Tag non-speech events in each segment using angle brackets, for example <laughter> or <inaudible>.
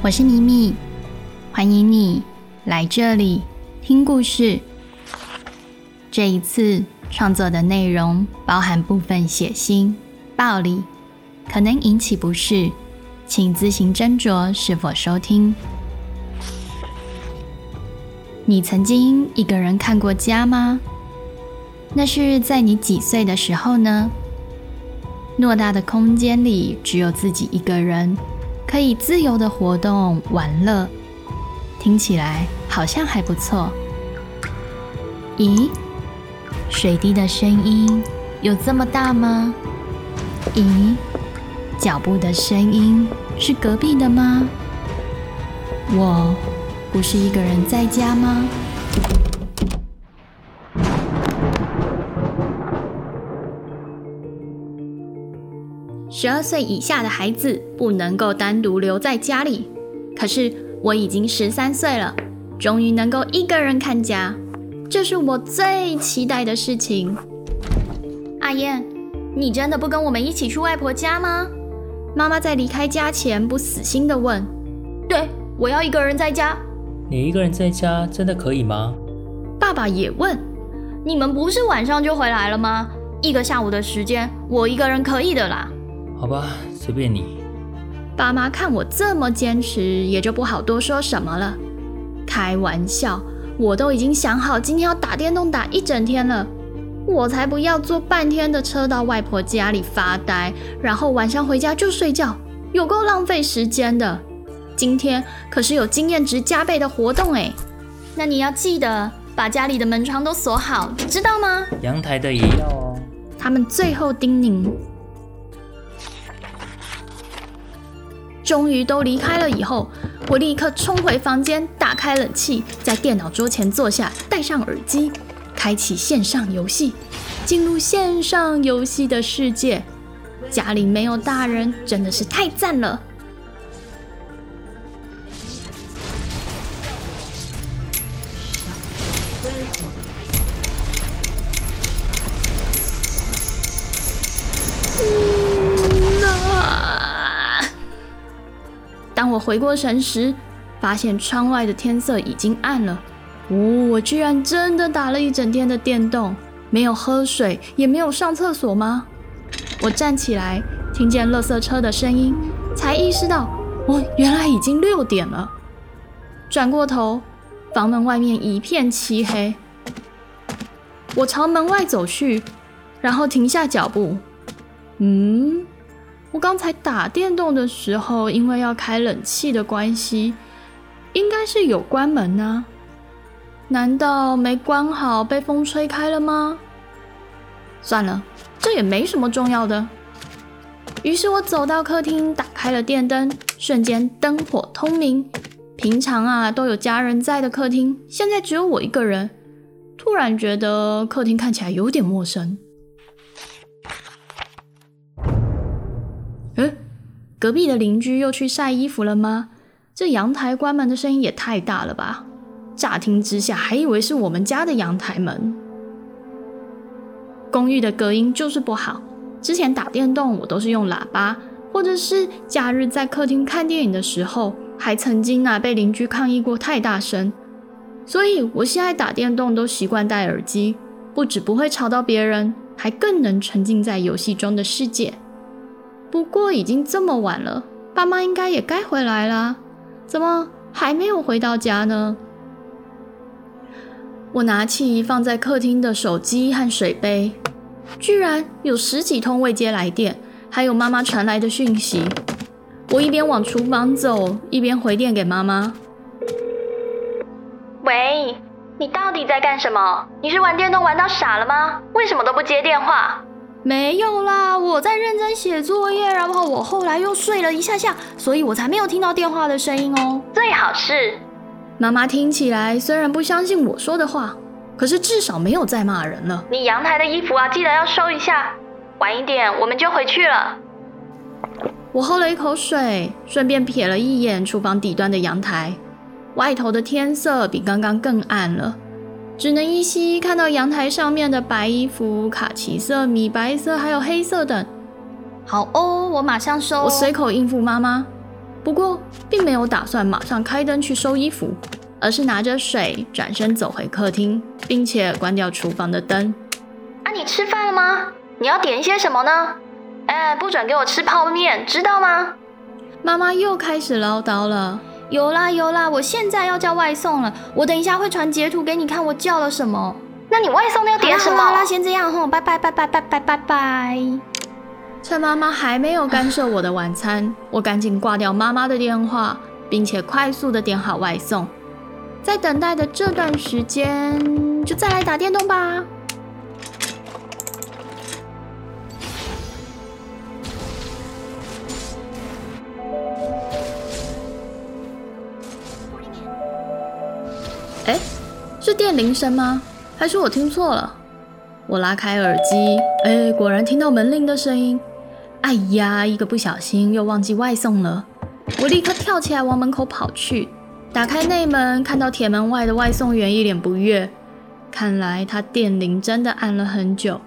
我是咪咪，歡迎你來這裡聽故事。這一次創作的內容包含部分血腥、暴力，可能引起不適，請自行斟酌是否收聽。你曾經一個人看過家嗎？那是在你幾歲的時候呢？偌大的空間裡，只有自己一個人。可以自由的活動玩樂，聽起來好像還不錯。咦，水滴的聲音有這麼大嗎？咦，腳步的聲音是隔壁的嗎？我不是一個人在家嗎？十二歲以下的孩子不能夠單獨留在家裡，可是我已經十三歲了，終於能夠一個人看家，這是我最期待的事情。阿燕，你真的不跟我們一起去外婆家嗎？媽媽在離開家前不死心地問。對，我要一個人在家。你一個人在家真的可以嗎？爸爸也問。你們不是晚上就回來了嗎？一個下午的時間，我一個人可以的啦。好吧，隨便你。爸媽看我這麼堅持，也就不好多說什麼了。開玩笑，我都已經想好今天要打電動打一整天了，我才不要坐半天的車到外婆家裡發呆，然後晚上回家就睡覺，有夠浪費時間的。今天可是有經驗值加倍的活動誒。那你要記得把家裡的門窗都鎖好，知道嗎？陽台的也要哦。他們最後叮嚀。終於都離開了以後，我立刻衝回房間，打開冷氣，在電腦桌前坐下，戴上耳機，開啟線上遊戲，進入線上遊戲的世界。家裡沒有大人，真的是太讚了。當我回過神時，發現窗外的天色已經暗了。哦，我居然真的打了一整天的電動，沒有喝水，也沒有上廁所嗎？我站起來，聽見垃圾車的聲音，才意識到哦，原來已經六點了。轉過頭，房門外面一片漆黑。我朝門外走去，然後停下腳步。嗯。我剛才打電動的時候，因為要開冷氣的關係，應該是有關門呢啊。難道沒關好，被風吹開了嗎？算了，這也沒什麼重要的。於是我走到客廳，打開了電燈，瞬間燈火通明。平常啊，都有家人在的客廳，現在只有我一個人，突然覺得客廳看起來有點陌生。隔壁的鄰居又去曬衣服了嗎？這陽台關門的聲音也太大了吧！乍聽之下還以為是我們家的陽台門。公寓的隔音就是不好，之前打電動我都是用喇叭，或者是假日在客廳看電影的時候，還曾經啊被鄰居抗議過太大聲。所以我現在打電動都習慣戴耳機，不止不會吵到別人，還更能沉浸在遊戲中的世界。不過已經這麼晚了，爸媽應該也該回來了，怎麼還沒有回到家呢？我拿起放在客廳的手機和水杯，居然有十幾通未接來電，還有媽媽傳來的訊息。我一邊往廚房走，一邊回電給媽媽：“喂，你到底在幹什麼？你是玩電動玩到傻了嗎？為什麼都不接電話？”沒有啦，我在認真寫作業，然後我後來又睡了一下下，所以我才沒有聽到電話的聲音哦。最好是。媽媽聽起來雖然不相信我說的話，可是至少沒有再罵人了。你陽台的衣服啊，記得要收一下。晚一點我們就回去了。我喝了一口水，順便瞥了一眼廚房底端的陽台，外頭的天色比剛剛更暗了。只能依稀看到陽台上面的白衣服、卡其色、米白色，還有黑色等。好哦，我馬上收。我隨口應付媽媽，不過並沒有打算馬上開燈去收衣服，而是拿着水轉身走回客廳，並且關掉廚房的燈。啊，你吃飯了嗎？你要點一些什麼呢？哎、欸，不准給我吃泡麵，知道嗎？媽媽又開始嘮叨了。.有啦有啦，我現在要叫外送了，我等一下會傳截圖給你看，我叫了什麼。那你外送要點什麼？好啦，啦，啦，先這樣吼，拜拜拜拜拜拜拜拜！拜拜拜拜，趁媽媽還沒有干涉我的晚餐， <laughs> 我趕緊掛掉媽媽的電話，並且快速的點好外送。在等待的這段時間，就再來打電動吧。電鈴聲嗎？還是我聽錯了？我拉開耳機，哎，果然聽到門鈴的聲音。哎呀，一個不小心又忘記外送了。我立刻跳起來往門口跑去，打開內門，看到鐵門外的外送員一臉不悅。看來他電鈴真的按了很久。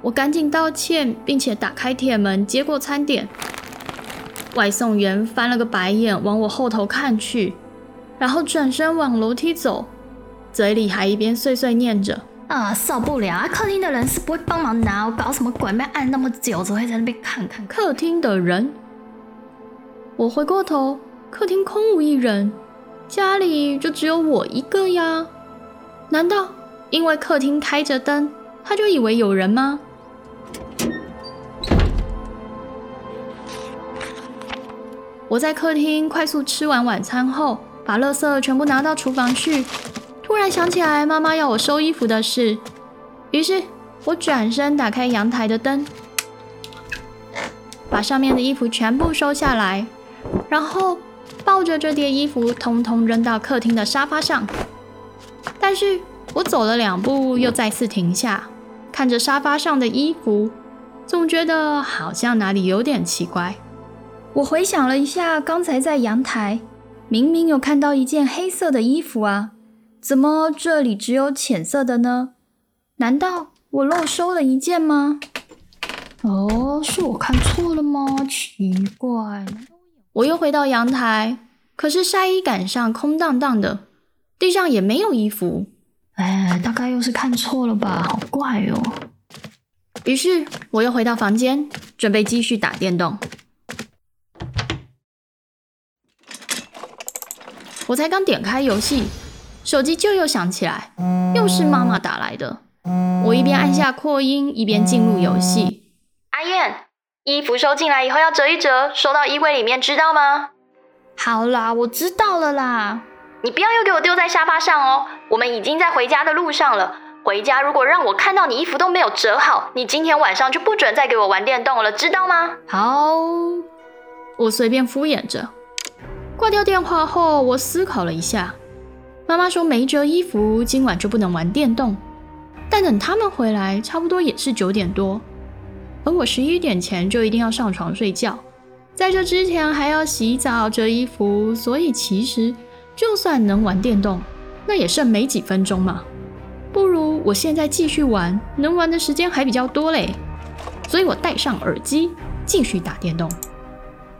我趕緊道歉，並且打開鐵門接過餐點。外送員翻了個白眼，往我後頭看去，然後轉身往樓梯走。嘴裡還一邊碎碎念着：“啊，受不了啊！客廳的人是不會幫忙拿，搞什麼鬼沒按那麼久，只會在那邊看看客廳的人。”我回過頭，客廳空無一人，家裡就只有我一個呀。難道因為客廳開着燈，他就以為有人嗎？我在客廳快速吃完晚餐後，把垃圾全部拿到廚房去。突然想起來媽媽要我收衣服的事，於是我轉身打開陽台的燈，把上面的衣服全部收下來，然後抱着這疊衣服，通通扔到客廳的沙發上。但是，我走了兩步，又再次停下，看着沙發上的衣服，總覺得好像哪裡有點奇怪。我回想了一下，剛才在陽台，明明有看到一件黑色的衣服啊。怎麼這裡只有淺色的呢？難道我漏收了一件嗎？哦，是我看錯了嗎？奇怪，我又回到陽臺，可是曬衣杆上空蕩蕩的，地上也沒有衣服。哎，大概又是看錯了吧？好怪喲、哦。於是我又回到房間，準備繼續打電動。我才剛點開遊戲。手機就又響起來，又是媽媽打來的。我一邊按下擴音，一邊進入遊戲。阿燕，衣服收進來以後要折一折，收到衣櫃裡面，知道嗎？好啦，我知道了啦。你不要又給我丟在沙發上哦，我們已經在回家的路上了。回家如果讓我看到你衣服都沒有折好，你今天晚上就不准再給我玩電動了，知道嗎？好，我隨便敷衍着。掛掉電話後，我思考了一下。媽媽說沒折衣服，今晚就不能玩電動。但等他們回來，差不多也是九點多，而我十一點前就一定要上床睡覺，在這之前還要洗澡、折衣服，所以其實就算能玩電動，那也剩沒幾分鐘嘛。不如我現在繼續玩，能玩的時間還比較多嘞。所以我戴上耳機繼續打電動。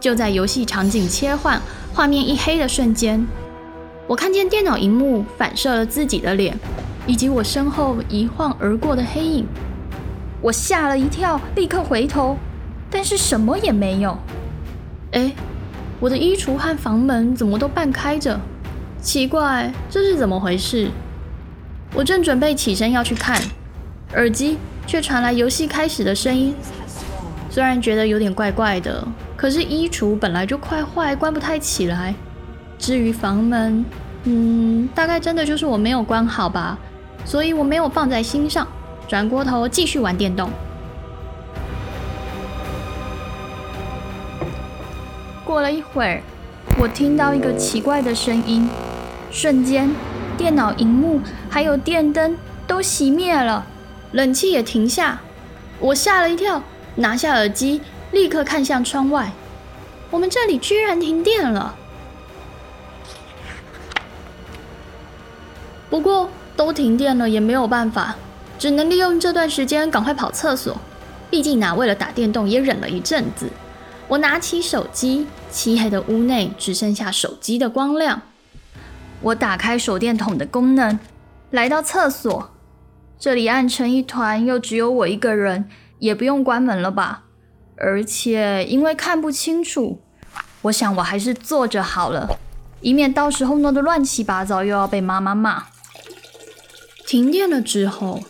就在遊戲場景切換、畫面一黑的瞬間。我看見電腦熒幕反射了自己的臉，以及我身後一晃而過的黑影。我嚇了一跳，立刻回頭，但是什麼也沒有。哎，我的衣櫥和房門怎麼都半開着？奇怪，這是怎麼回事？我正準備起身要去看，耳機卻傳來遊戲開始的聲音。雖然覺得有點怪怪的，可是衣櫥本來就快壞，關不太起來。至於房門，嗯，大概真的就是我沒有關好吧，所以我沒有放在心上，轉過頭繼續玩電動。過了一會兒，我聽到一個奇怪的聲音，瞬間，電腦螢幕還有電燈都熄滅了，冷氣也停下，我嚇了一跳，拿下耳機，立刻看向窗外，我們這裡居然停電了。不過都停電了也沒有辦法，只能利用這段時間趕快跑廁所。畢竟呢、啊，為了打電動也忍了一陣子。我拿起手機，漆黑的屋內只剩下手機的光亮。我打開手電筒的功能，來到廁所。這裡暗成一團，又只有我一個人，也不用關門了吧？而且因為看不清楚，我想我還是坐着好了，以免到時候弄得亂七八糟，又要被媽媽罵。停電了之後，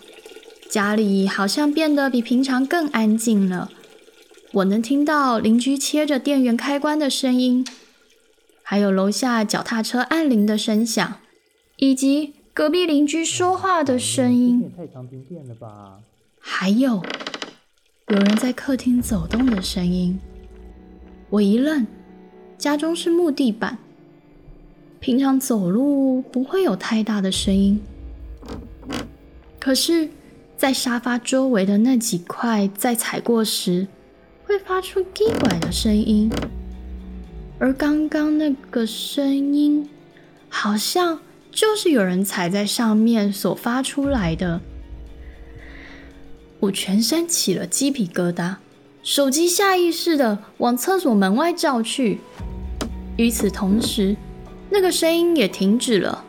家裡好像變得比平常更安靜了。我能聽到鄰居切着電源開關的聲音，還有樓下腳踏車按鈴的聲響，以及隔壁鄰居說話的聲音。還有，有人在客廳走動的聲音。我一愣，家中是木地板，平常走路不會有太大的聲音。可是，在沙發周圍的那幾塊，在踩過時，會發出滴管的聲音，而剛剛那個聲音，好像就是有人踩在上面所發出來的。我全身起了雞皮疙瘩，手機下意識地往廁所門外照去，與此同時，那個聲音也停止了。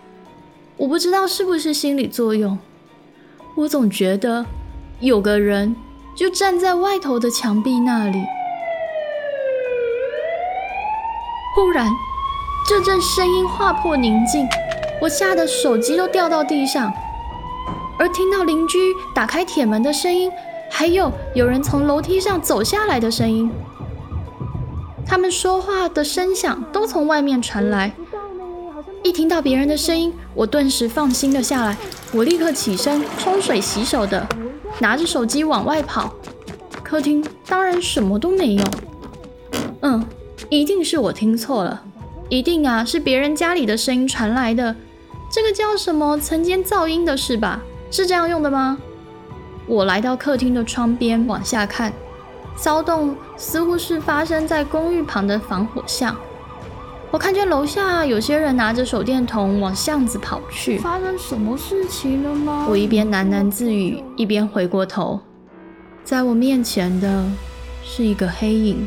我不知道是不是心理作用。我總覺得有個人就站在外頭的牆壁那裡。忽然，這陣聲音劃破寧靜，我嚇得手機都掉到地上，而聽到鄰居打開鐵門的聲音，還有有人從樓梯上走下來的聲音，他們說話的聲響都從外面傳來。一聽到別人的聲音，我頓時放心了下來。我立刻起身沖水洗手的，拿着手機往外跑。客廳當然什麼都沒有。嗯，一定是我聽錯了，一定啊，是別人家裡的聲音傳來的。這個叫什麼？層間噪音的是吧？是這樣用的嗎？我來到客廳的窗邊往下看，騷動似乎是發生在公寓旁的防火巷。我看見樓下有些人拿着手電筒往巷子跑去，發生什麼事情了嗎？我一邊喃喃自語，一邊回過頭，在我面前的是一個黑影，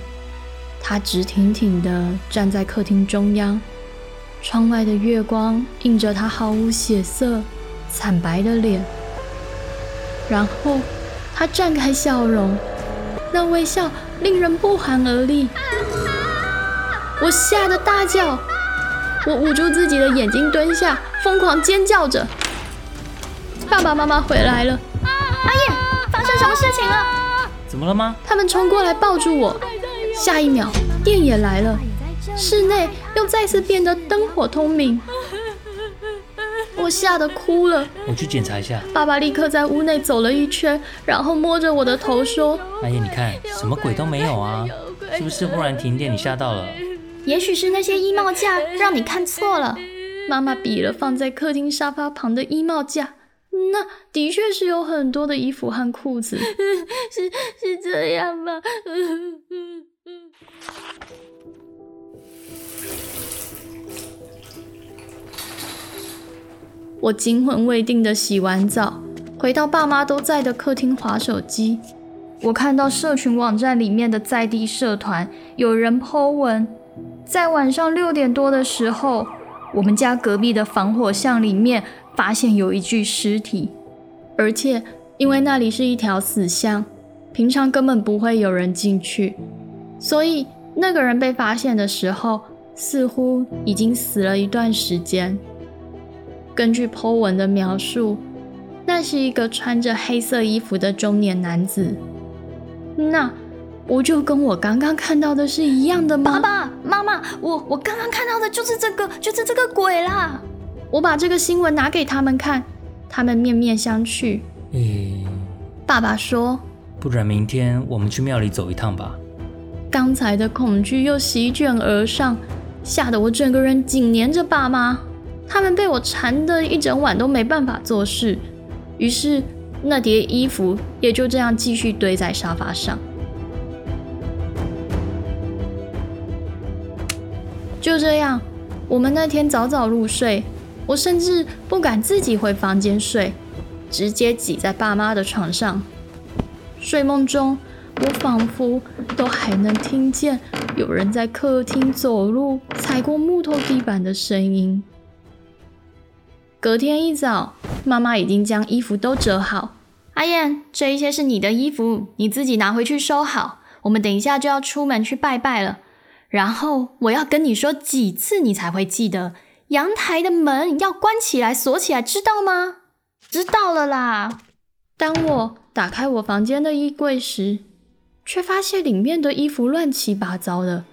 他直挺挺地站在客廳中央，窗外的月光映着他毫無血色、慘白的臉，然後他綻開笑容，那微笑令人不寒而慄。 <laughs> 我嚇得大叫，我捂住自己的眼睛，蹲下，瘋狂尖叫着。爸爸媽媽回來了，阿葉、啊，發生什麼事情了？怎麼了嗎？啊、他們衝過來抱住我，下一秒電也，也來了，室內又再次變得燈火通明。我嚇得哭了。我去檢查一下。爸爸立刻在屋內走了一圈，然後摸着我的頭說：“阿葉、哎，你看，什麼鬼都沒有啊，是不是忽然停電你嚇到了？”也許是那些衣帽架讓你看錯了。媽媽比了放在客廳沙發旁的衣帽架，那的確是有很多的衣服和褲子。 <laughs> 是是這樣嗎？ <laughs> 我驚魂未定的洗完澡，回到爸媽都在的客廳滑手機，我看到社群網站裡面的在地社團有人 po 文。在晚上六點多的時候，我們家隔壁的防火巷裡面發現有一具屍體，而且因為那裡是一條死巷，平常根本不會有人進去，所以那個人被發現的時候，似乎已經死了一段時間。根據 po 文的描述，那是一個穿着黑色衣服的中年男子。那。我就跟我剛剛看到的是一樣的嗎？爸爸媽媽，我我剛剛看到的就是這個，就是這個鬼啦！我把這個新聞拿給他們看，他們面面相覷。誒、嗯，爸爸說：“不然明天我們去廟裡走一趟吧。”剛才的恐懼又席捲而上，嚇得我整個人緊黏着爸媽。他們被我纏得一整晚都沒辦法做事，於是那疊衣服也就這樣繼續堆在沙發上。就這樣，我們那天早早入睡。我甚至不敢自己回房間睡，直接擠在爸媽的床上。睡夢中，我仿佛都還能聽見有人在客廳走路、踩過木頭地板的聲音。隔天一早，媽媽已經將衣服都折好。阿燕，這一些是你的衣服，你自己拿回去收好。我們等一下就要出門去拜拜了。然後我要跟你說幾次，你才會記得陽台的門要關起來、鎖起來，知道嗎？知道了啦。當我打開我房間的衣櫃時，卻發現裡面的衣服亂七八糟的，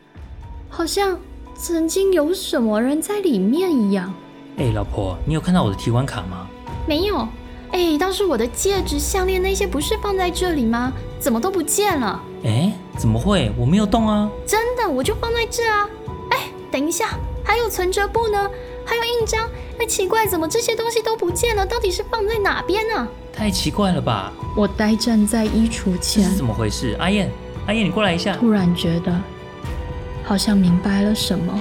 好像曾經有什麼人在裡面一樣。哎，老婆，你有看到我的提款卡嗎？沒有。哎，當時我的戒指、項鏈那些不是放在這裡嗎？怎麼都不見了？哎，怎麼會？我沒有動啊！真的，我就放在這啊！哎，等一下，還有存摺簿呢，還有印章。哎，奇怪，怎麼這些東西都不見了？到底是放在哪邊呢、啊？太奇怪了吧！我呆站在衣櫥前，是怎麼回事？阿燕，阿燕，你過來一下。突然覺得，好像明白了什麼。